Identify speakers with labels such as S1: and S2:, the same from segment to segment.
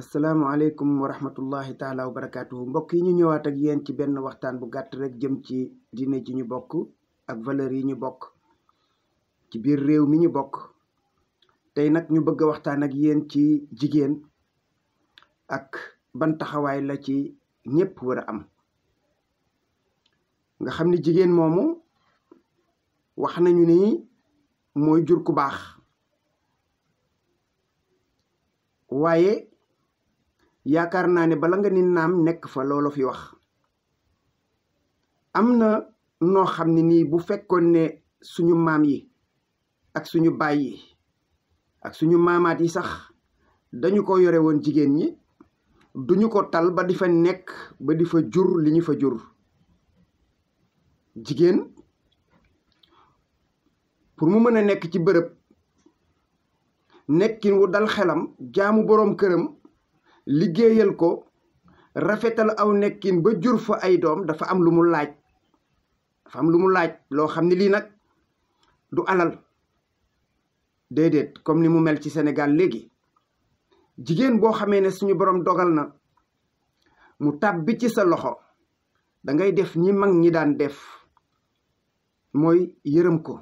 S1: asalaamaaleykum wa rahmatullahi taala wa barakaatuhu mbokk yi ñu ñëwaat ak yéen ci benn waxtaan bu gàtt rekk jëm ci diine ji ñu bokk ak valeur yi ñu bokk ci biir réew mi ñu bokk tey nag ñu bëgg a waxtaan ak yéen ci jigéen ak ban taxawaay la ci ñépp war a am nga xam ni jigéen moomu wax nañu ni mooy jur ku baax waaye yaakaar naa ne bala nga ne naam nekk fa loolo fi wax am na noo xam ne nii bu fekkoon ne suñu maam yi ak suñu baay yi ak suñu maamaat yi sax dañu ko yore woon jigéen ñi duñu ko tal ba di fa nekk ba di fa jur li ñu fa jur jigéen pour mu mën a nekk ci bërëb nekkin wu dal xelam jaamu boroom këram liggéeyal ko rafetal aw nekkin ba jur fa ay doom dafa am lu mu laaj dafa am lu mu laaj loo xam ne lii nag du alal déedéet comme ni mu mel ci Sénégal léegi jigéen boo xamee ne suñu borom dogal na mu tàbbi ci sa loxo dangay def ñi mag ñi daan def mooy yërëm ko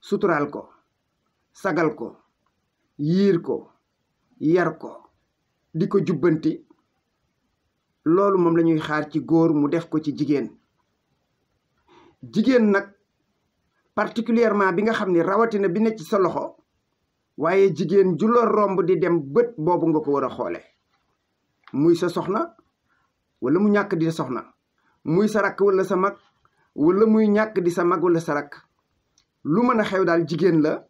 S1: suturaal ko sagal ko yiir ko yar ko di ko jubbanti loolu moom lañuy xaar ci góor mu def ko ci jigéen jigéen nag particulièrement bi nga xam ni rawatina bi ne ci sa loxo waaye jigéen ju la romb di dem bët boobu nga ko war a xoole muy sa soxna wala mu ñàkk di soxna muy sa rakk walla sa mag walla muy ñàkk di sa mag wala sa rakk lu mën a xew daal jigéen la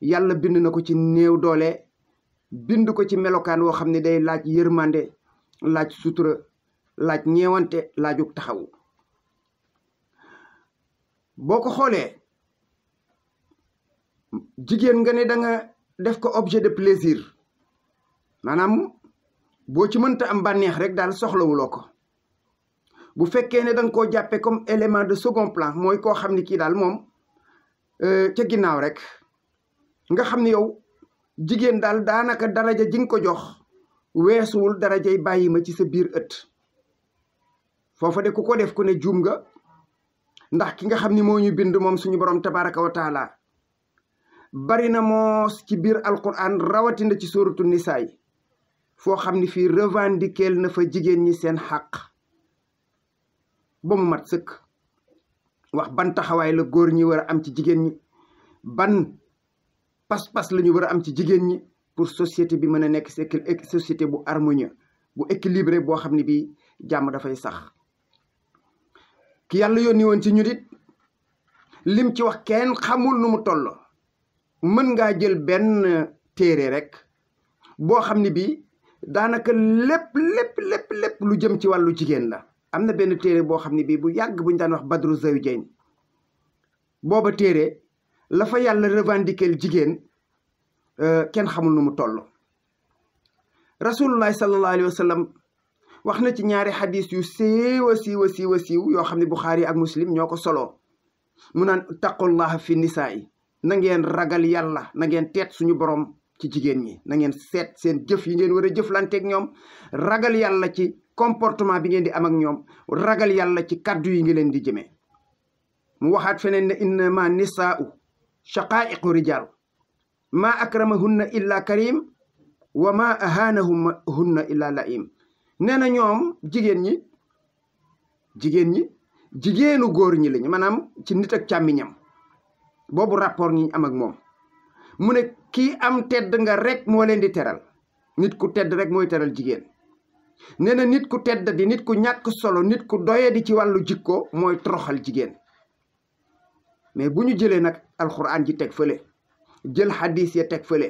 S1: yàlla bind na ko ci néew doole bind ko ci melokaan woo xam ne day laaj yërmande laaj sutura laaj ñeewante laajug taxaw boo ko xoolee jigéen nga ne danga def ko objet de plaisir maanaam boo ci mënta am bànneex rek daal soxlawuloo ko bu fekkee ne da nga koo jàppee comme élément de second plan mooy koo xam ne kii daal moom euh, ca ginnaaw rek nga xam ni yow jigéen daal daanaka daraja ji nga ko jox weesuwul darajay bàyyi ma ci sa biir ëtt foofa de ku ko def ku ne juum nga ndax ki nga xam ni moo ñu bind moom suñu borom tabaraka wa taala bari na moos ci biir alquran rawatina ci suratu nisaay foo xam ni fii revendiquer na fa jigéen ñi seen xàq ba mu mat sëkk wax ban taxawaay la góor ñi war a am ci jigéen ñi ban pas-pas la ñu war a am ci jigéen ñi pour société bi mën a nekk société bu harmonie bu équilibré boo xam ne bii jàmm dafay sax ki yàlla yónni woon ci ñu it lim ci wax kenn xamul nu mu toll mën ngaa jël benn téere rek boo xam ne bi daanaka lépp lépp lépp lépp lu jëm ci wàllu jigéen la am na benn téere boo xam ne bii bu yàgg bu ñu daan wax Badru Zawjayn booba téere la fa yàlla revendiquer jigéen euh, kenn xamul nu mu toll rasulullahi sallallahu alayhi wa sallam wax na ci ñaari xadis yu siiw a siiw a siiw a siiw yoo xam ne buxaari ak muslim ñoo ko solo mu naan taqullaha fi nisaa yi na ngeen ragal yàlla na ngeen teet suñu borom ci jigéen ñi na ngeen seet seen jëf yi ngeen war a jëflanteeg ñoom ragal yàlla ci comportement bi ngeen di am ak ñoom ragal yàlla ci kàddu yi ngi leen di jëmee mu waxaat feneen ne innama shaqaa'iqu rijaal ma akramahunna illa karim wa ma ahanahunna illa laim nee na ñoom jigéen ñi jigéen ñi jigéenu góor ñi lañu maanaam ci nit ak càmmiñam boobu rapport ñi am ak moom mu ne kii am tedd nga rek moo leen di teral nit ku tedd rek mooy teral jigéen nee na nit ku tedd di nit ku ñàkk solo nit ku doye di ci wàllu jikko mooy toroxal jigéen mais bu ñu jëlee nag alxuraan ji teg fale jël xadis ya teg fële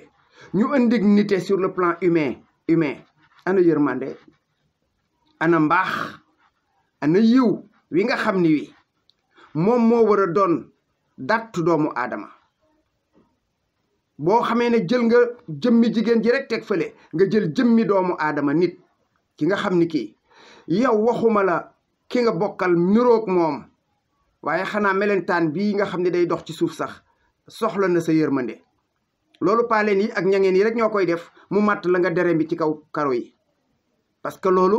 S1: ñu indi nité sur le plan humain humain ana yërmande ana mbaax ana yiw wi nga xam ni wi moom moo war a doon dattu doomu aadama boo xamee ne jël nga jëmmi jigéen ji rek teg fale nga jël jëmmi doomu aadama nit ki nga xam ni kii yow waxuma la ki nga bokkal niroog moom waaye xanaa mellentaan bii nga xam ne day dox ci suuf sax soxla na sa yërmande loolu paaleen yi ak ñangeen yi rek ñoo koy def mu màtt la nga dere bi ci kaw karo yi parce que loolu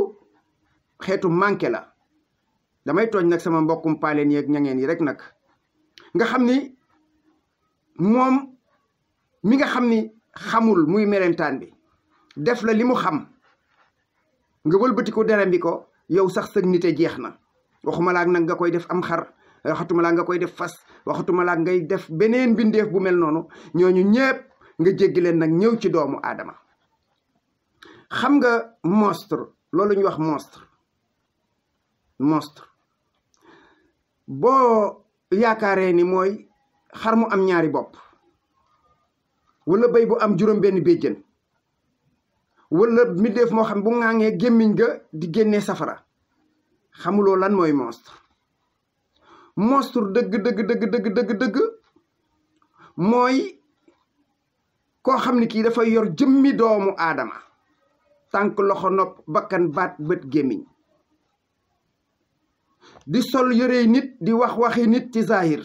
S1: xeetu manqué la damay tooñ nag sama mbokkum paaleen yi ak ñangeen yi rek nag nga xam ni moom mi nga xam ni xamul muy mellentaan bi def la li mu xam nga wëlbatiku dere bi ko yow sax sëg nite jeex na waxuma laak nag nga koy def am xar waxatuma laa nga koy def fas waxatuma laa ngay def beneen bindeef bu mel noonu ñooñu ñépp nga jéggileen nag ñëw ci doomu aadama xam nga monstre loolu ñu wax monstre monstre boo yaakaaree ni mooy xar mu am ñaari bopp walla bay bu am juróom benn béjjën wala mbindeef moo xam bu ngee gémmiñ ga di génnee safara xamuloo lan mooy monstre mostre dëgg dëgg dëgg dëgg dëgg mooy koo xam ne kii dafay yor jëmmi doomu aadama tànk loxo nopp bakkan baat bët gémmiñ di sol yërey nit di wax waxi nit ci zahir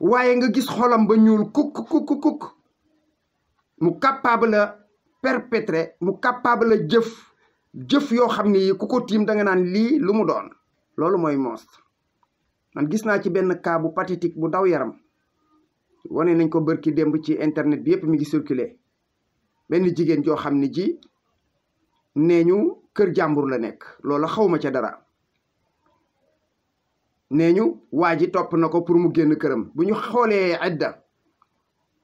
S1: waaye nga gis xolam ba ñuul kukk kukk mu capable a mu capable jëf jëf yoo xam ne ku ko tiim danga naan lii lu mu doon loolu mooy monstre man gis naa ci benn kaabu bu bu daw yaram wane nañ ko bërki démb ci internet bi yépp mu ngi circuler benn jigéen joo xam ne ji nee ñu kër jàmbur la nekk loolu xawma ca dara nee ñu waa ji topp na ko pour mu génn këram bu ñu xoolee idda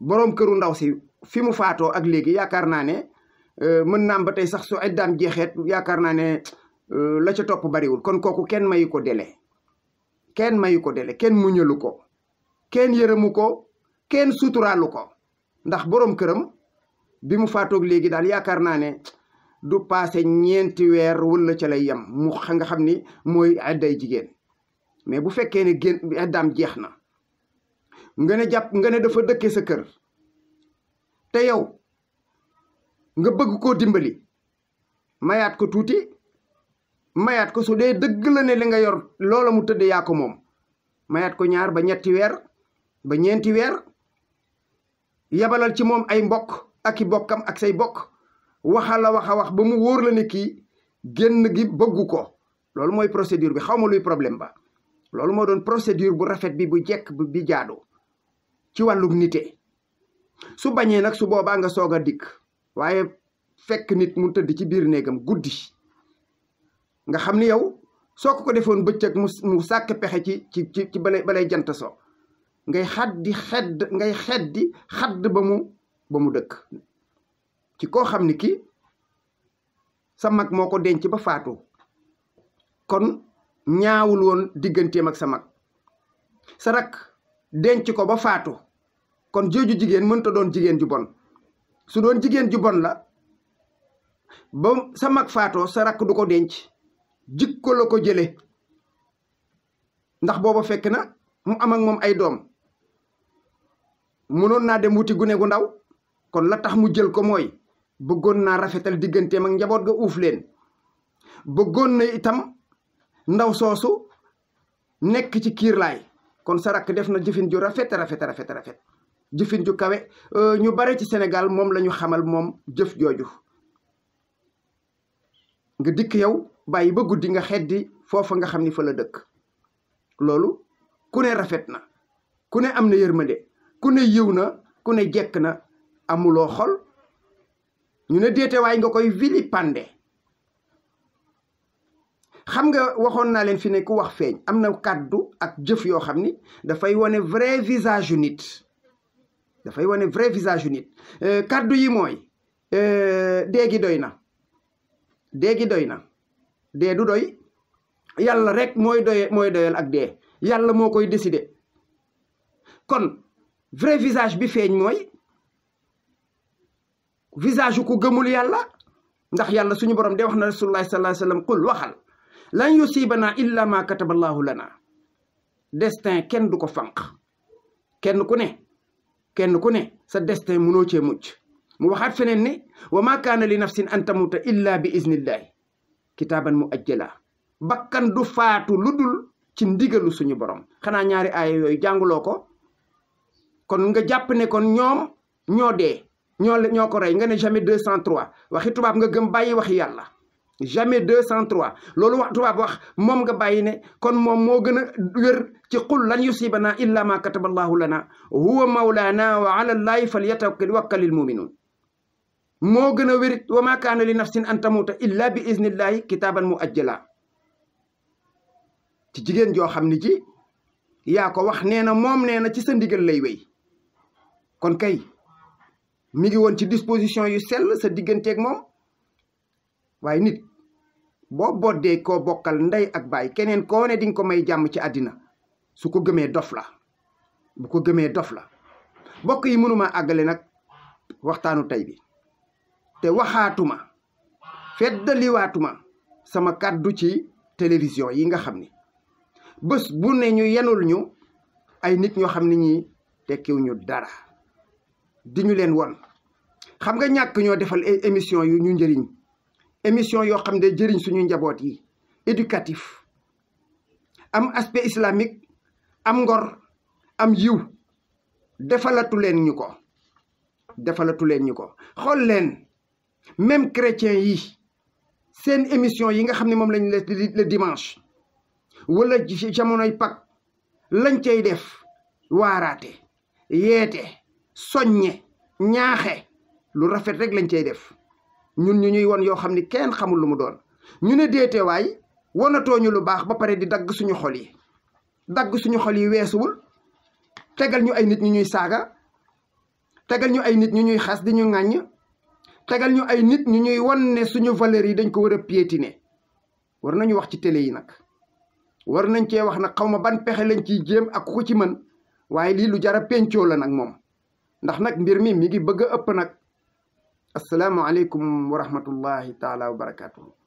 S1: boroom këru ndaw si fi mu faatoo ak léegi yaakaar naa ne euh, mën naam ba tey sax su iddaam jeexeet yaakaar naa ne Euh, la ca topp bariwul kon kooku kenn mayu ko délai kenn mayu ko délai kenn muñalu ko kenn yërëmu ko kenn suturaalu ko ndax boroom këram bi mu faatoog léegi daal yaakaar naa ne du passé ñeenti weer wala ca lay yem mu xam ni mooy adday jigéen mais bu fekkee ne génn addaam jeex na nga ne jàpp nga ne dafa dëkke sa kër te yow nga bëgg koo dimbali mayaat ko tuuti mayaat ko su dee dëgg la ne li nga yor loola mu tëdd yaa ko moom mayaat ko ñaar ba ñetti weer ba ñeenti weer yabalal ci moom ay mbokk ak i mbokkam ak say bokk waxal la wax a wax ba mu wóor la ne kii génn gi bëggu ko loolu mooy procédure bi xaw ma luy problème ba loolu moo doon procédure bu rafet bi bu jekk bi jaadoo ci wàllum nite su bañee nag su boobaa nga soog a dikk waaye fekk nit mu tëdd ci biir néegam guddi nga xam ni yow soo ko ko defoon bëccëg mu mu sàkk pexe ci ci ci ci balay balay jant so ngay xaddi xedd ngay xeddi xadd ba mu ba mu dëkk ci koo xam ni kii sa mag moo ko denc ba faatu kon ñaawul woon digganteem sa mag sa denc ko ba faatu kon jooju jigéen mënta doon jigéen ju bon su doon jigéen ju bon la ba sa mag faatoo sa rakk du ko denc jikko la ko jëlee ndax boobu fekk na mu am ak moom ay doom mënoon naa dem wuti gune gu ndaw kon la tax mu jël ko mooy bëggoon naa rafetal digganteem ak njaboot ga uuf leen bëggoon na itam ndaw soosu nekk ci kiirlaay kon sa rakk def na jëfin ju rafet rafet rafet rafet jëfin ju kawe euh, ñu bare ci senegal moom lañu xamal moom jëf jooju nga dikk yow bàyyi ba guddi nga xeddi foofa nga xam ni fa la dëkk loolu ku ne rafet na ku ne am na yërmande ku ne yiw na ku ne jekk na amuloo xol ñu ne déetewaay nga koy vilipande xam nga waxoon naa leen fi ne wax feeñ am na kàddu ak jëf yoo xam ni dafay wane vrai visage yu dafay wane vrai visage yu nit euh, kàddu yi mooy euh, déegi doy na déegi doy na dee du doy yàlla rek mooy doye mooy doyal ak dee yàlla moo koy décider kon vrai visage bi feeñ mooy visage ku gëmul yàlla ndax yàlla suñu borom de wax na rasulullah sallallahu alayhi wasallam qul waxal lan yusibana illa ma kataballahu lana destin kenn du ko fanq kenn ku ne kenn ku ne sa destin mënoo cee mucc mu waxaat feneen ni wa ma kaana li nafsin an tamuta illa bi iznillahi kitaaban mu ajjala bakkan du faatu lu dul ci ndigalu suñu borom xanaa ñaari aaya yooyu jànguloo ko kon nga jàpp ne kon ñoom ñoo dee ñoo ñoo ko rey nga ne jamais 203 waxi tubaab nga gëm bàyyi waxi yàlla jamais 203 loolu wax tubaab wax moom nga bàyyi ne kon moom moo gën a wér ci qul lan yusibanaa illa ma kataba allahu lana huwa mawlaana wa ala allahi falyatawakkal muminuun moo gën a wérit wa maa kaana li nafsin an tamuuta illa bi iznillahi kitaaban mu ajjala ci jigéen joo xam ne ji yaa ko wax nee na moom nee na ci sa ndigal lay wéy kon kay mi ngi woon ci disposition yu sell sa digganteeg moom waaye nit boo boddee koo bokkal ndey ak baay keneen koo ne dinga ko may jàmm ci àddina su ko gëmee dof la bu ko gëmee dof la bokk yi mënuma àggale nag waxtaanu tey bi te waxaatuma feddaliwaatuma sama kàddu ci télévision yi nga xam ni bës bu ne ñu yenul ñu ay nit ñoo xam ni ñi tekkiw dara di ñu leen won xam nga ñàkk ñoo defal ay yu ñu njëriñ émission yoo xam ne jëriñ suñu njaboot yi éducatif am aspect islamique am ngor am yiw defalatu leen ñu ko defalatu leen ñu ko xool leen même chrétien yi seen émission yi nga xam ne moom lañ le dimanche wala jamonoy Pâques lañ cay def waaraate yeete soññe ñaaxe lu rafet rek lañ cay def ñun ñu ñuy won yoo xam ni kenn xamul lu mu doon ñu ne déetewaay wanatooñu lu baax ba pare di dagg suñu xol yi dagg suñu xol yi weesuwul tegal ñu ay nit ñu ñuy saaga tegal ñu ay nit ñu ñuy xas di ñu ŋàññ tegal ñu ay nit ñu ñuy wan ne suñu valeurs yi dañ ko war a piétiner war nañu wax ci tele yi nag war nañ cee wax nag xaw ma ban pexe lañ ci jéem ak ku ci mën waaye lii lu jara pencoo la nag moom ndax nag mbir mi mi ngi bëgg a ëpp nag asalaamualeykum wa rahmatullahi taala wa barakatuhu